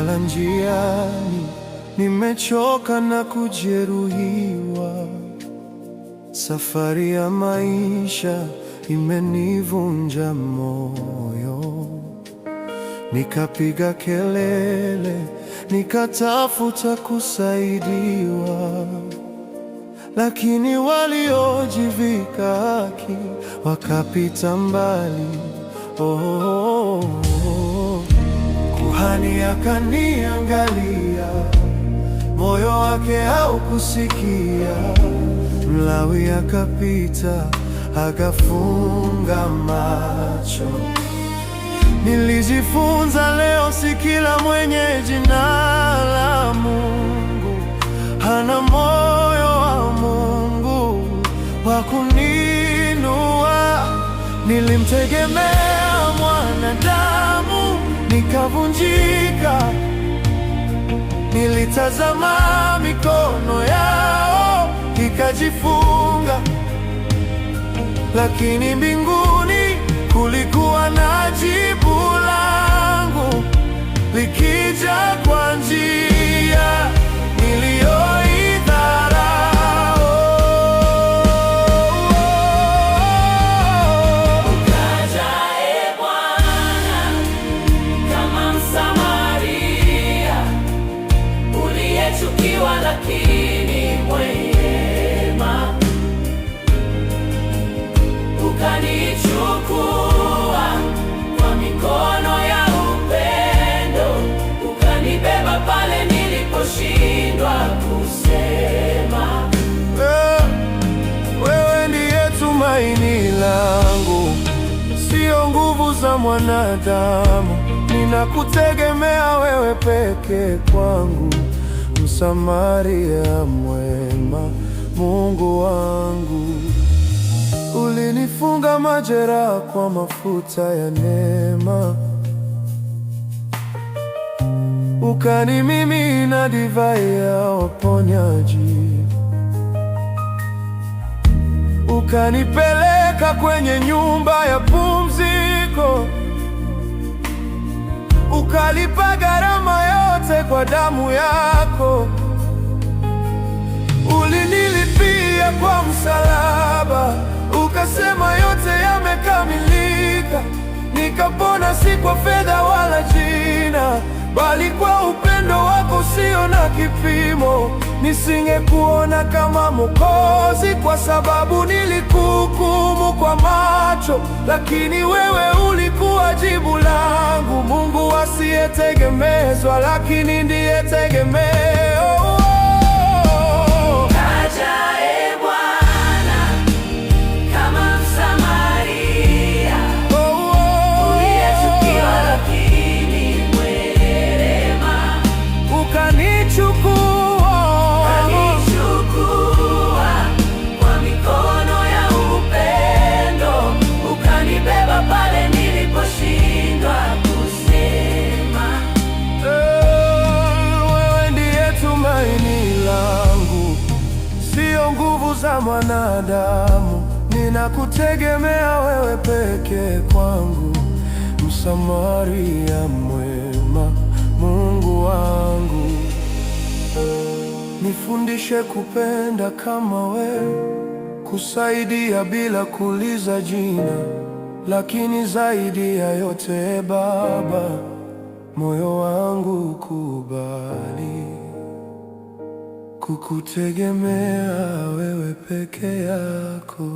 Nimelala njiani, nimechoka na kujeruhiwa. Safari ya maisha imenivunja moyo, nikapiga kelele, nikatafuta kusaidiwa, lakini waliojivika haki wakapita mbali. Oh, oh, oh. Kuhani akaniangalia, moyo wake haukusikia. Mlawi akapita akafunga macho. Nilijifunza leo, si kila mwenye jina la Mungu hana moyo wa Mungu wa kuninua. Nilimtegemea mwanadamu Nilitazama mikono yao ikajifunga, lakini mbinguni kulikuwa na jibu langu likija kwa njia aliyechukiwa lakini mwema, ukanichukua kwa mikono ya upendo, ukanibeba pale niliposhindwa kusema. Hey, eh, wewe ndiye tumaini langu, sio nguvu za mwanadamu, ninakutegemea wewe peke kwangu. Msamaria mwema, Mungu wangu, ulinifunga majeraha kwa mafuta ya neema, ukanimimina divai ya waponyaji, ukanipeleka kwenye nyumba ya pumziko, ukalipa gharama nianze kwa damu yako, ulinilipia kwa msalaba, ukasema yote yamekamilika, nikapona si kwa kipimo, nisingekuona kama Mwokozi, kwa sababu nilikuhukumu kwa macho, lakini wewe ulikuwa jibu langu. Mungu asiyetegemezwa, lakini ndiye tegemezwa. za mwanadamu, ninakutegemea wewe peke kwangu, msamaria mwema, Mungu wangu, nifundishe kupenda kama wewe, kusaidia bila kuuliza jina, lakini zaidi ya yote Baba, moyo wangu kubali kukutegemea wewe peke yako.